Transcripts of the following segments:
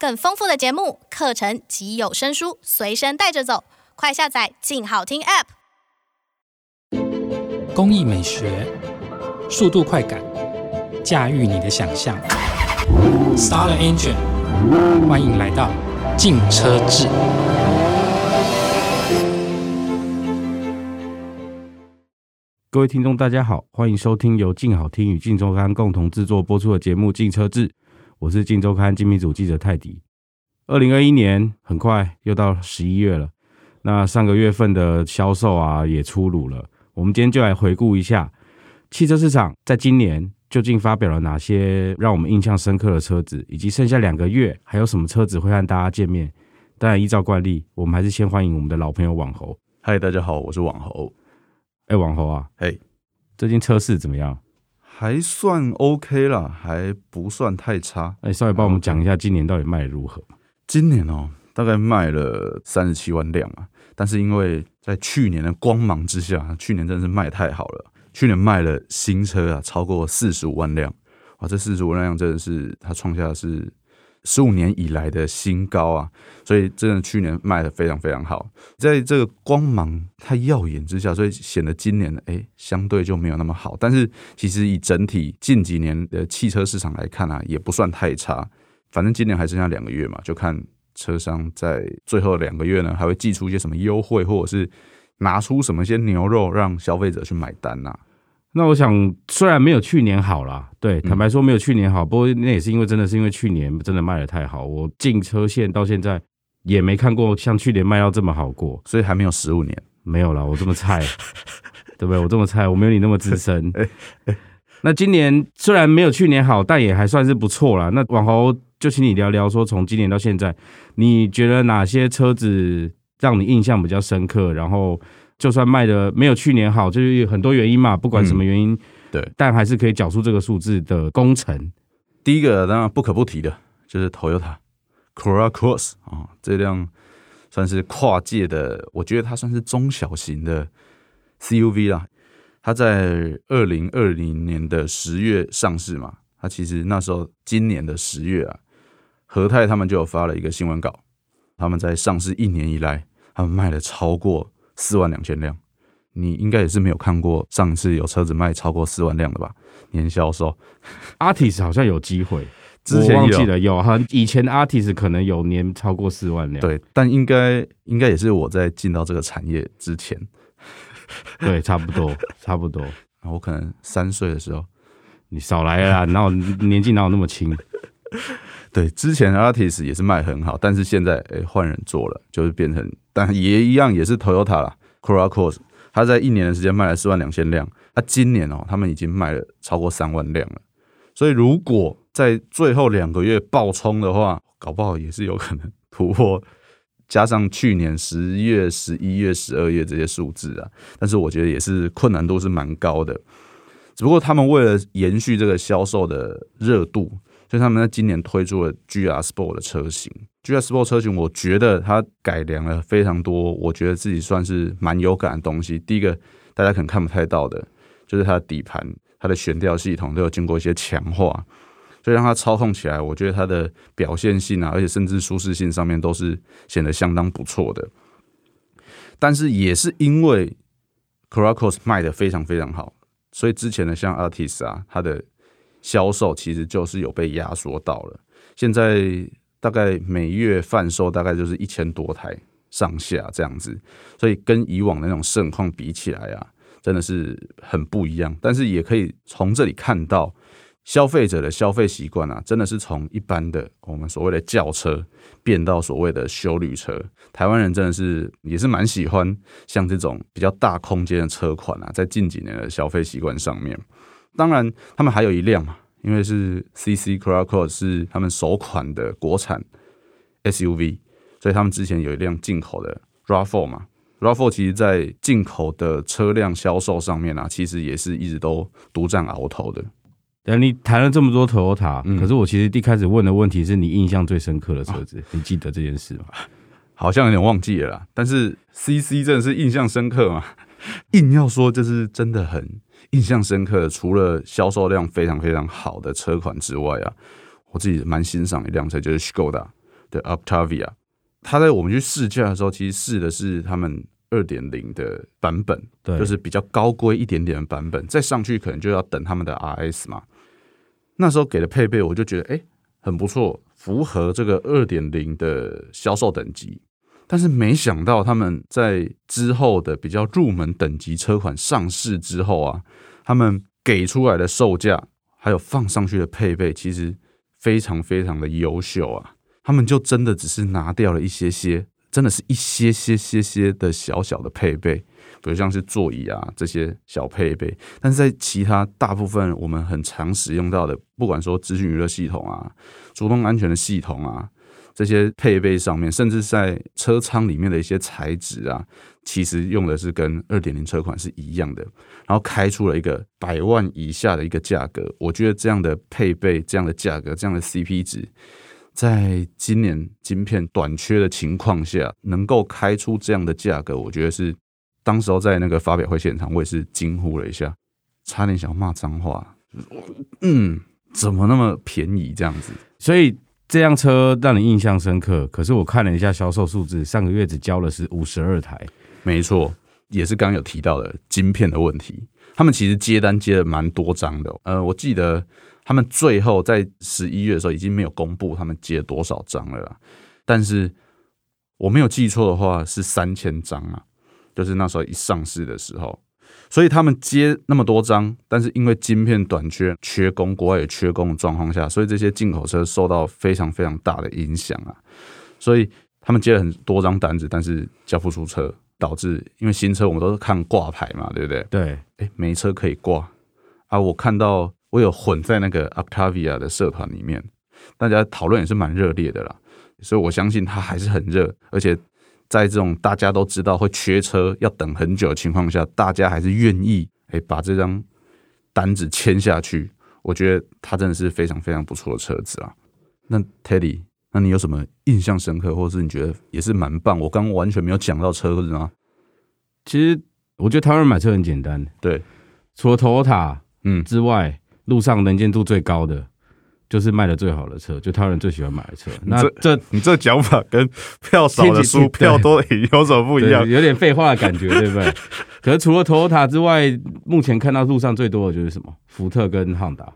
更豐富的節目、課程及有聲書隨身帶着走，快下載“靜好聽 ”App。工藝美學、速度快感，駕馭你的想象。Start the engine，歡迎來到《靜車誌》。各位聽眾，大家好，歡迎收聽由“靜好聽”與“靜週刊”共同製作播出的節目《靜車誌》。我是《鏡週刊》精密組記者泰迪。二零二一年很快又到十一月了，那上個月份的銷售啊也出爐了。我們今天就來回顧一下汽車市場在今年究竟發表了哪些讓我們印象深刻的車子，以及剩下兩個月還有什麼車子會和大家見面。當然，依照慣例，我們還是先歡迎我們的老朋友網紅。嗨，hey, 大家好，我是網紅。哎、欸，網紅啊，嘿 Hey，最近車市怎麼樣？還算 OK 啦，還不算太差。哎、欸，稍微幫我們講一下今年到底賣如何？Okay. 今年哦、喔，大概賣了三十七萬輛啊。但是因為在去年的光芒之下，去年真的是賣太好了。去年賣了新車啊，超過四十五萬輛。哇，這四十五萬輛真的是它創下的是十五年以來的新高啊，所以真的去年賣的非常非常好，在這個光芒太耀眼之下，所以顯得今年呢、欸，相對就沒有那麼好。但是其實以整體近幾年的汽車市場來看啊，也不算太差。反正今年還剩下兩個月嘛，就看車商在最後兩個月呢，還會祭出一些什麼優惠，或者是拿出什麼些牛肉讓消費者去買單吶、啊。那我想，雖然沒有去年好啦。對，嗯、坦白說沒有去年好，不過那也是因為真的是因為去年真的賣的太好，我進車線到現在也沒看過像去年賣到這麼好過，所以還沒有十五年沒有啦。我這麼菜， 對不對？我這麼菜，我沒有你那麼資深。 那今年雖然沒有去年好，但也還算是不錯啦。那往後就請你聊聊說，從今年到現在，你覺得哪些車子讓你印象比較深刻？然後。就算賣的沒有去年好，就是很多原因嘛，不管什麼原因，嗯、對，但還是可以講出這個數字的功臣。第一個當然不可不提的，就是 Toyota Corolla Cross 啊、哦，這輛算是跨界的，我覺得它算是中小型的 C U V 啦。它在二零二零年的十月上市嘛，它其實那時候今年的十月啊，和泰他們就有發了一個新聞稿，他們在上市一年以來，他們賣了超過。四萬兩千輛，你應該也是沒有看過，上次有車子賣超過四萬輛的吧？年銷售，Artis 好像有機會，之前忘記了有哈，以前 Artis 可能有年超過四萬輛，對，但應該應該也是我在進到這個產業之前，對，差不多差不多，然後我可能三歲的時候，你少來啦，然後年紀哪有那麼輕？對，之前 Altis 也是賣很好，但是現在誒換、欸、人做了，就是變成，但也一樣也是 Toyota 啦 Corolla Cross 他，在一年的時間賣了四萬兩千輛，他、啊、今年哦、喔，他們已經賣了超過三萬輛了，所以如果在最後兩個月爆衝的話，搞不好也是有可能突破，加上去年十月、十一月、十二月這些數字啊，但是我覺得也是困難度是蠻高的，只不過他們為了延續這個銷售的熱度。所以他們在今年推出了 GR Sport 的車型，GR Sport 車型，我覺得它改良了非常多，我覺得自己算是蠻有感的東西。第一個，大家可能看不太到的，就是它的底盤、它的懸吊系統都有經過一些強化，所以讓它操控起來，我覺得它的表現性啊，而且甚至舒適性上面都是顯得相當不錯的。但是也是因為 Corolla Cross 賣的非常非常好，所以之前的像 Altis 啊，它的。銷售其實就是有被壓縮到了，現在大概每月販售大概就是一千多台上下這樣子，所以跟以往的那種盛況比起來啊，真的是很不一樣。但是也可以從這裡看到消費者的消費習慣啊，真的是從一般的我們所謂的轎車變到所謂的休旅車，台灣人真的是也是蠻喜歡像這種比較大空間的車款啊，在近幾年的消費習慣上面。當然，他們還有一輛嘛，因為是 CC Cross 是他們首款的國產 SUV，所以他們之前有一輛進口的 RAV4 嘛，RAV4 其實在進口的車輛銷售上面啊，其實也是一直都獨佔鰲頭的。但你談了這麼多 Toyota，、嗯、可是我其實一開始問的問題是你印象最深刻的車子，啊、你記得這件事嗎？好像有點忘記了啦，但是 CC 真的是印象深刻嘛？硬要說這是真的很。印象深刻的，除了銷售量非常非常好的車款之外啊，我自己蠻欣賞一輛車，就是 Skoda 的 Octavia。它在我們去試駕的時候，其實試的是他們二點零的版本，對，就是比較高規一點點的版本，再上去可能就要等他們的 RS 嘛。那時候給的配備，我就覺得哎、欸、很不錯，符合這個二點零的銷售等級。但是沒想到，他們在之後的比較入門等級車款上市之後啊，他們給出來的售價還有放上去的配備，其實非常非常的優秀啊。他們就真的只是拿掉了一些些，真的是一些些些些的小小的配備，比如像是座椅啊這些小配備。但是在其他大部分我們很常使用到的，不管說資訊娛樂系統啊、主動安全的系統啊。這些配備上面，甚至在車艙裡面的一些材質啊，其實用的是跟二點零車款是一樣的，然後開出了一個百萬以下的一個價格。我覺得這樣的配備、這樣的價格、這樣的 CP 值，在今年晶片短缺的情況下，能夠開出這樣的價格，我覺得是當時候在那個發表會現場，我也是驚呼了一下，差點想罵髒話。嗯，怎麼那麼便宜這樣子？所以。這輛車讓你印象深刻，可是我看了一下銷售數字，上個月只交的是五十二台。沒錯，也是剛剛有提到的晶片的問題。他們其實接單接了蠻多張的，呃，我記得他們最後在十一月的時候已經沒有公布他們接了多少張了啦，但是我沒有記錯的話是三千張啊，就是那時候一上市的時候。所以他們接那麼多張，但是因為晶片短缺、缺工，國外也缺工的狀況下，所以這些進口車受到非常非常大的影響啊。所以他們接了很多張單子，但是交不出車，導致因為新車我們都是看掛牌嘛，對不對？對，哎、欸，沒車可以掛啊！我看到我有混在那個 Octavia 的社團裡面，大家討論也是蠻熱烈的啦。所以我相信它還是很熱，而且。在這種大家都知道會缺車、要等很久的情況下，大家還是願意哎、欸、把這張單子簽下去。我覺得它真的是非常非常不錯的車子啊。那 Teddy，那你有什麼印象深刻，或是你覺得也是蠻棒？我剛完全沒有講到車子嗎？其實我覺得台灣買車很簡單，對，除了 Toyota 嗯之外，嗯、路上能見度最高的。就是賣的最好的車，就他人最喜歡買的車。這、那、這、你這講法跟票少的輸，票多也有什麼不一樣？有點廢話的感覺， 對不對？可是除了 Toyota 之外，目前看到路上最多的就是什麼？福特跟 Honda，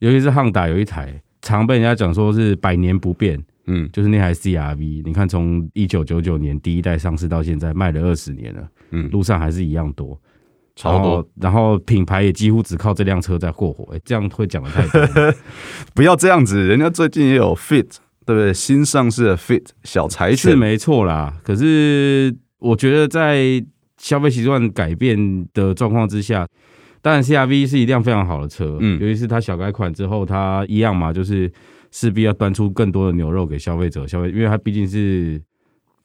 尤其是 Honda 有一台常被人家講說是百年不變，嗯，就是那台 CRV。你看，從一九九九年第一代上市到現在，賣了二十年了，嗯，路上還是一樣多。然後，超多然後品牌也幾乎只靠這輛車在過火誒，這樣會講得太多。 不要這樣子，人家最近也有 Fit，對不對？新上市的 Fit 小柴犬。是沒錯啦。可是我覺得在消費習慣改變的狀況之下，當然 CRV 是一輛非常好的車，嗯，尤其是它小改款之後，它一樣嘛，就是勢必要端出更多的牛肉給消費者消費，因為它畢竟是。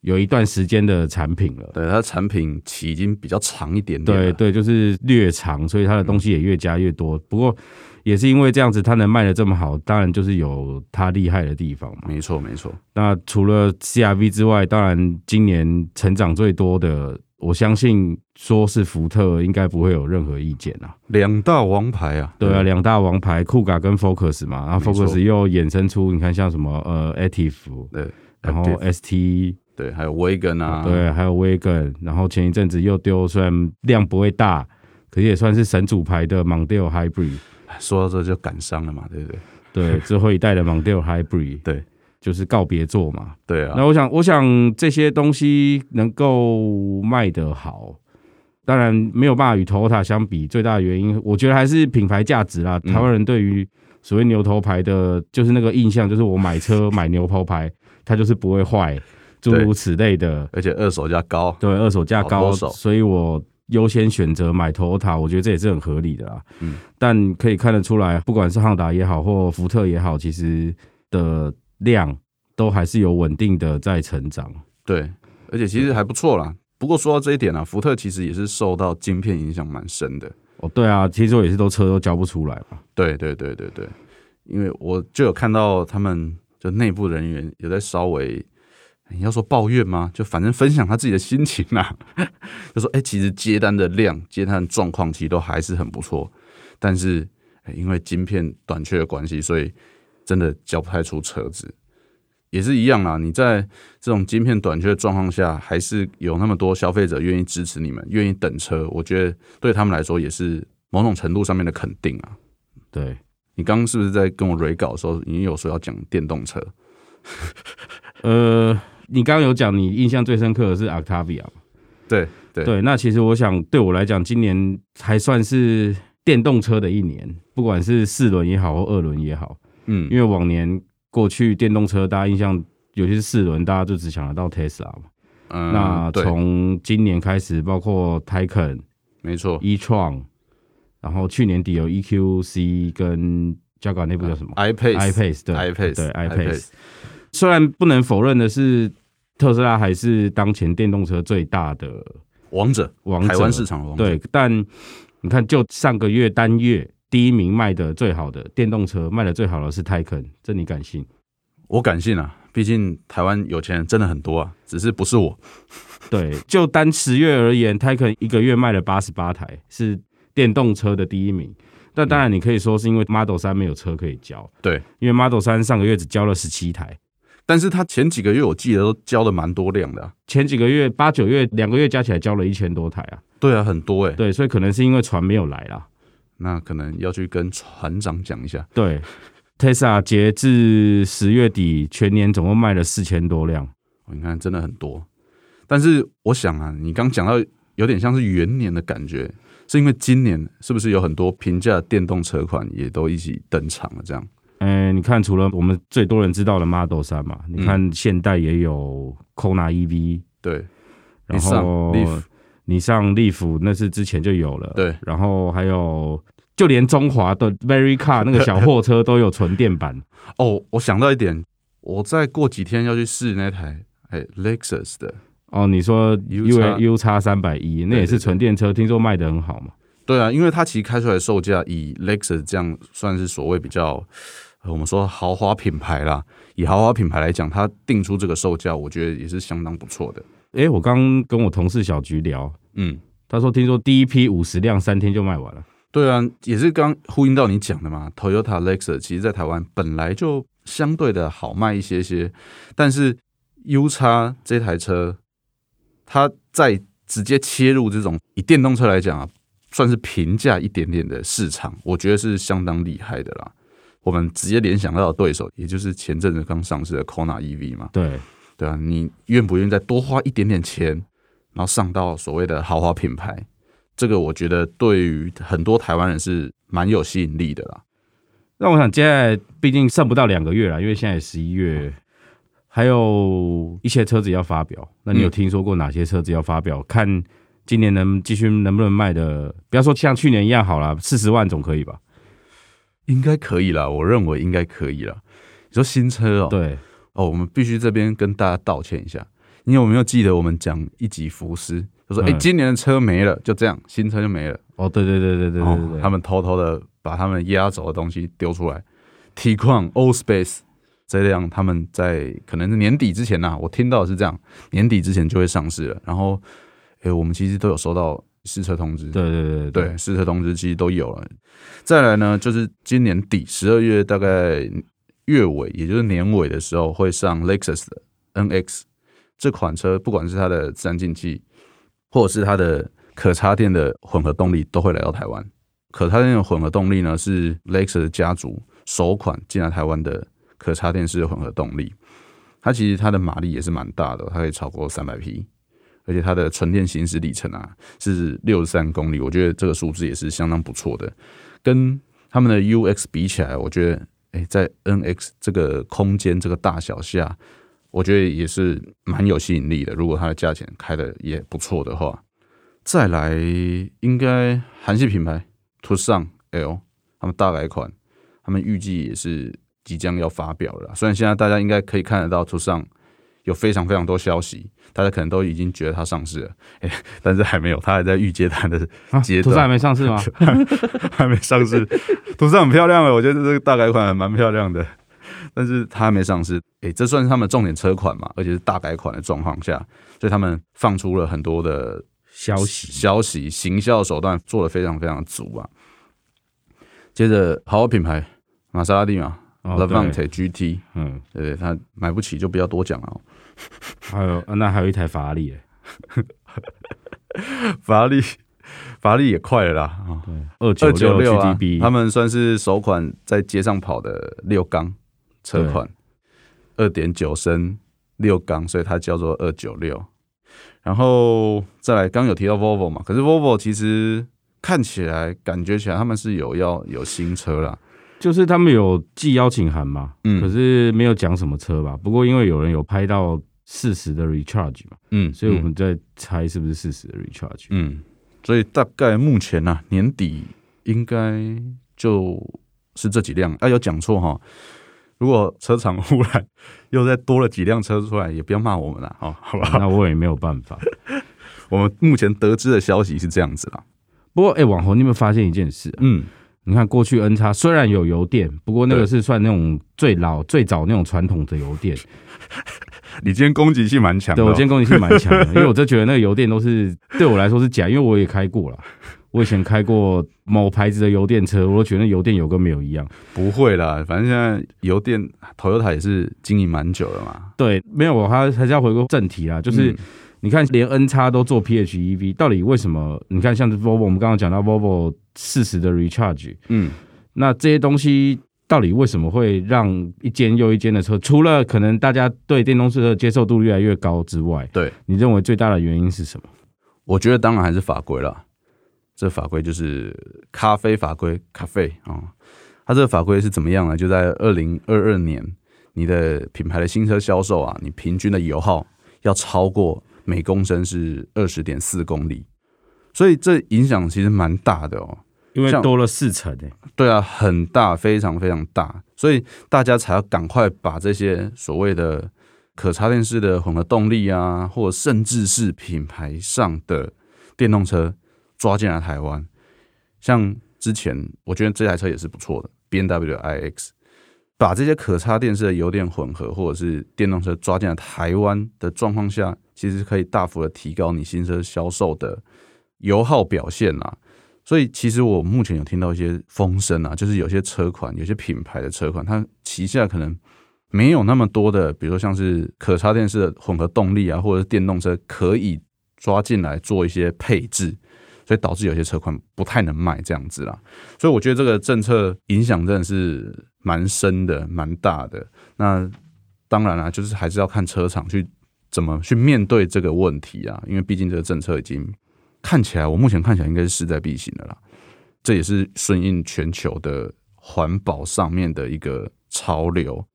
有一段時間的產品了對，對它的產品期已經比較長一點點對，對對，就是略長，所以它的東西也越加越多。嗯、不過也是因為這樣子，它能賣得這麼好，當然就是有它厲害的地方。沒錯，沒錯。那除了 CRV 之外，當然今年成長最多的，我相信說是福特，應該不會有任何意見啊。兩大王牌啊，對啊，兩大王牌，Kuga、嗯、跟 Focus 嘛，然後 Focus 又衍生出，你看像什麼呃 Active 對，然後 ST, S T。對，還有 Wagon 啊，對，還有 Wagon，然後前一陣子又丟，雖然量不會大，可是也算是神主牌的 Mondeo Hybrid。說到這就感傷了嘛，對不對？對，最後一代的 Mondeo Hybrid，對，就是告別作嘛。對啊。那我想，我想這些東西能夠賣得好，當然沒有辦法與 Toyota 相比，最大的原因，我覺得還是品牌價值啦。台灣人對於所謂牛頭牌的，嗯、就是那個印象，就是我買車買牛頭牌， 它就是不會壞。諸如此類的，而且二手價高，對，二手價高，手所以我優先選擇買 Toyota，我覺得這也是很合理的啦、啊。嗯，但可以看得出來，不管是 Honda 也好，或福特也好，其實的量都還是有穩定的在成長。對，而且其實還不錯啦。對不過說到這一點呢、啊，福特其實也是受到晶片影響蠻深的。哦，對啊，其實也是都車都交不出來吧？對對對對對，因為我就有看到他們就內部人員也在稍微。你要說抱怨嗎？就反正分享他自己的心情啦。他說：“哎、欸，其實接單的量、接單的狀況其實都還是很不錯，但是、欸、因為晶片短缺的關係，所以真的交不太出車子。也是一樣啦。你在這種晶片短缺的狀況下，還是有那麼多消費者願意支持你們，願意等車。我覺得對他們來說，也是某種程度上面的肯定啊。”對，你剛剛是不是在跟我 Re 稿的時候，你有說要講電動車？ 呃。你剛剛有講，你印象最深刻的是 Octavia 對對對。那其實我想，對我來講，今年還算是電動車的一年，不管是四輪也,也好，或二輪也好，嗯，因為往年過去電動車大家印象，有些是四輪，大家就只想得到 Tesla 嘛，嗯，那從今年開始，包括 Taycan 沒錯，，e-tron，然後去年底有 EQC 跟。交管內部叫什麼、uh,？iPace，iPace 對，iPace 對 iPace。雖然不能否認的是，特斯拉還是當前電動車最大的王者，台灣市場王。對，但你看，就上個月單月第一名賣的最好的電動車，賣的最好的是泰肯，這你敢信？我敢信啊！畢竟台灣有錢人真的很多啊，只是不是我。 對，就單十月而言，泰肯一個月賣了八十八台，是電動車的第一名。但當然，你可以說是因為 Model 3沒有車可以交。對，因為 Model 3上個月只交了十七台，但是他前幾個月我記得都交了蠻多輛的啊。前幾個月八九月兩個月加起來交了一千多台啊。對啊，很多誒、欸，對，所以可能是因為船沒有來啦。那可能要去跟船長講一下。對 ，Tesla 截至十月底全年總共賣了四千多輛，你看真的很多。但是我想啊，你剛講到有點像是元年的感覺。是因為今年是不是有很多平價電動車款也都一起登場了？這樣，哎、欸，你看，除了我們最多人知道的 Model 3嘛，嗯、你看現代也有 Kona EV，對，Leaf，然後你上 Leaf，那是之前就有了，對，然後還有，就連中華的 Veryca 那個小貨車都有純電版。 哦，我想到一點，我再過幾天要去試那台哎、欸、Lexus 的。哦，你說 UX 310, U X 差三百一，那也是純電車，對對對，聽說賣得很好嘛？對啊，因為它其實開出來售價，以 Lexus 這樣算是所謂比較、呃，我們說豪華品牌啦，以豪華品牌來講，它定出這個售價，我覺得也是相當不錯的。誒、欸，我剛跟我同事小菊聊，嗯，他說聽說第一批五十輛三天就賣完了。對啊，也是剛呼應到你講的嘛，Toyota Lexus 其實在台灣本來就相對的好賣一些些，但是 UX 這台車。它在直接切入這種以電動車來講啊，算是平價一點點的市場，我覺得是相當厲害的啦。我們直接聯想到的對手，也就是前陣子剛上市的 Kona EV 嘛，對對啊，你願不願意再多花一點點錢，然後上到所謂的豪華品牌？這個我覺得對於很多台灣人是蠻有吸引力的啦。那我想，現在畢竟剩不到兩個月了，因為現在十一月。嗯還有一些車子要發表，那你有聽說過哪些車子要發表？嗯、看今年能繼續能不能賣的，不要說像去年一樣好了，四十萬總可以吧？應該可以了，我認為應該可以了。你說新車哦、喔？對，哦、喔，我們必須這邊跟大家道歉一下，你有沒有記得我們講一集福斯？就說：“哎、嗯欸，今年的車沒了，就這樣，新車就沒了。”哦，對對對對對對，對,對、喔、他們偷偷的把他們壓軸的東西丟出來，Tiguan，Allspace。這樣，他們在可能是年底之前吶、啊，我聽到是這樣，年底之前就會上市了。然後，誒、欸、我們其實都有收到試車通知，對對對對、對、對，試車通知其實都有了。再來呢，就是今年底十二月大概月尾，也就是年尾的時候會上 Lexus 的 NX 這款車，不管是它的自然進氣，或者是它的可插電的混合動力，都會來到台灣。可插電的混合動力呢，是 Lexus 家族首款進來台灣的。可插電式混合動力，它其實，它的馬力也是蠻大的，它可以超過三百匹，而且它的純電行駛里程啊是六十三公里，我覺得這個數字也是相當不錯的。跟他們的 UX 比起來，我覺得誒、欸、在 NX 這個空間這個大小下，我覺得也是蠻有吸引力的。如果它的價錢開的也不錯的話，再來應該韓系品牌 Tucson L 他們大改款，他們預計也是，即將要發表了，雖然現在大家應該可以看得到圖上有非常非常多消息，大家可能都已經覺得它上市了，哎、欸，但是還沒有，它還在預接單的階段、啊，圖上還沒上市嗎？還沒， 還沒上市，圖上很漂亮的，我覺得這個大改款還蠻漂亮的，但是它還沒上市，哎、欸，這算是他們重點車款嘛，而且是大改款的狀況下，所以他們放出了很多的消息，消息行銷手段做的非常非常足啊。接着豪華品牌瑪莎拉蒂嘛。Levante GT，嗯，對，他、嗯、買不起就不要多講了。 還有，那還有一台法拉利耶， 法拉利，法拉利也快了啦、哦、6, 啊！二九六 GTB，他們算是首款在街上跑的六缸車款，二點九升六缸，所以它叫做二九六。然後再來，剛有提到 Volvo 嘛？可是 Volvo 其實看起來、感覺起來，他們是有要有新車啦。 就是他們有寄邀請函嘛，嗯、可是沒有講什麼車吧。不過因為有人有拍到40的 recharge 嘛嗯，嗯，所以我們在猜是不是40的 recharge，嗯，所以大概目前呢、啊，年底應該就是這幾輛。哎、啊，有講錯哈！如果車廠忽然又再多了幾輛車出來，也不要罵我們了，哈，好吧、嗯？那我也沒有辦法。 我們目前得知的消息是這樣子啦。不過，哎、欸，網紅，你有沒有發現一件事、啊？嗯。你看過去 N 叉雖然有油電，不過那個是算那種最老最早那種傳統的油電。 你今天攻擊性蠻強的。對，我今天攻擊性蠻強的， 因為我就覺得那個油電都是對我來說是假，因為我也開過了，我以前開過某牌子的油電車，我都覺得那油電有跟沒有一樣。不會啦，反正現在油電 Toyota 也是經營蠻久了嘛。對，沒有，我還還是要回歸正題啦，就是你看連 N 叉都做 PHEV，到底為什麼？你看像 Volvo 我們剛剛講到 Volvo 事實的 recharge，嗯，那這些東西到底為什麼會讓一間又一間的車，除了可能大家對電動車的接受度越來越高之外，對，你認為最大的原因是什麼？我覺得當然還是法規了。這法規就是咖啡法規，咖啡啊、哦，它這個法規是怎麼樣呢？就在二零二二年，你的品牌的新車銷售啊，你平均的油耗要超過每公升是二十點四公里，所以這影響其實蠻大的哦。因為多了四成，欸，對啊，很大，非常非常大，所以大家才要趕快把這些所謂的可插電式的混合動力啊，或甚至是品牌上的電動車抓進來台灣。像之前，我覺得這台車也是不錯的，BMW iX，把這些可插電式的油電混合或者是電動車抓進來台灣的狀況下，其實可以大幅的提高你新車銷售的油耗表現啦，啊。所以，其實我目前有聽到一些風聲啊，就是有些車款、有些品牌的車款，它旗下可能沒有那麼多的，比如說像是可插電式的混合動力啊，或者是電動車可以抓進來做一些配置，所以導致有些車款不太能賣這樣子啦。所以我覺得這個政策影響真的是蠻深的、蠻大的。那當然啦、啊，就是還是要看車廠去怎麼去面對這個問題啊，因為畢竟這個政策已經，看起來，我目前看起來應該是勢在必行的啦，這也是順應全球的環保上面的一個潮流。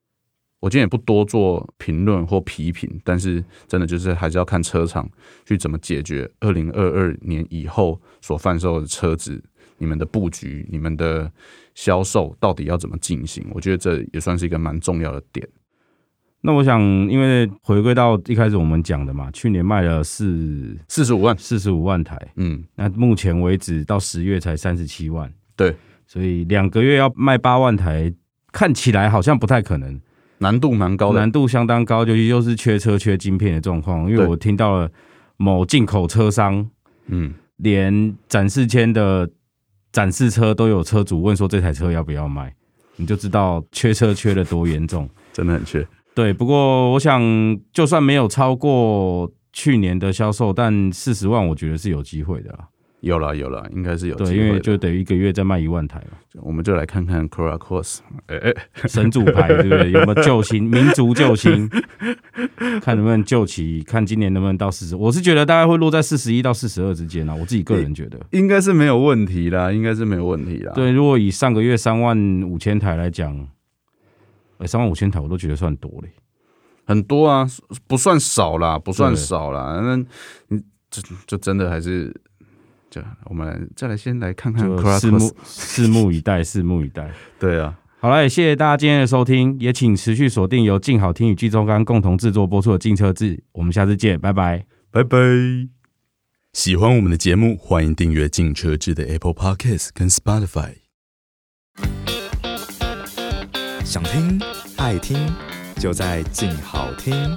我今天也不多做評論或批評，但是真的就是還是要看車廠去怎麼解決，二零二二年以後所販售的車子，你們的布局、你們的銷售到底要怎麼進行？我覺得這也算是一個蠻重要的點。那我想，因為回歸到一開始我們講的嘛，去年賣了四四十五萬，四十五萬台，嗯，那目前為止到十月才三十七萬，對，所以兩個月要賣八萬台，看起來好像不太可能，難度蠻高的，難度相當高，就又是缺車、缺晶片的狀況。因為我聽到了某進口車商，對嗯，連展示間的展示車都有車主問說，這台車要不要賣，你就知道缺車缺的多嚴重，真的很缺。對，不過我想，就算沒有超過去年的銷售，但四十萬，我覺得是有機會的，啊有啦。有了，有了，應該是有機會。對，因為就等於一個月再賣一萬台我們就來看看 Cora c r o，欸欸，s e 神主牌，對不對？有沒有救星？ 民族救星？ 看能不能救起？看今年能不能到四十？我是覺得大概會落在四十一到四十二之間，啊，我自己個人覺得，應該是沒有問題啦，應該是沒有問題啦。對，如果以上個月三萬五千台來講。欸、三萬五千台我都覺得算多嘞，很多啊，不算少啦，不算少啦。那對，這這、嗯、真的還是，這我們再來先來看看，拭目拭目以待，拭目以待。 以待對啊，好了，也謝謝大家今天的收聽，也請持續鎖定由鏡好聽與鏡週刊共同製作播出的《鏡車誌》，我們下次見，拜拜，拜拜。喜歡我們的節目，歡迎訂閱《鏡車誌》的 Apple Podcast 跟 Spotify。想聽、愛聽，就在鏡好聽。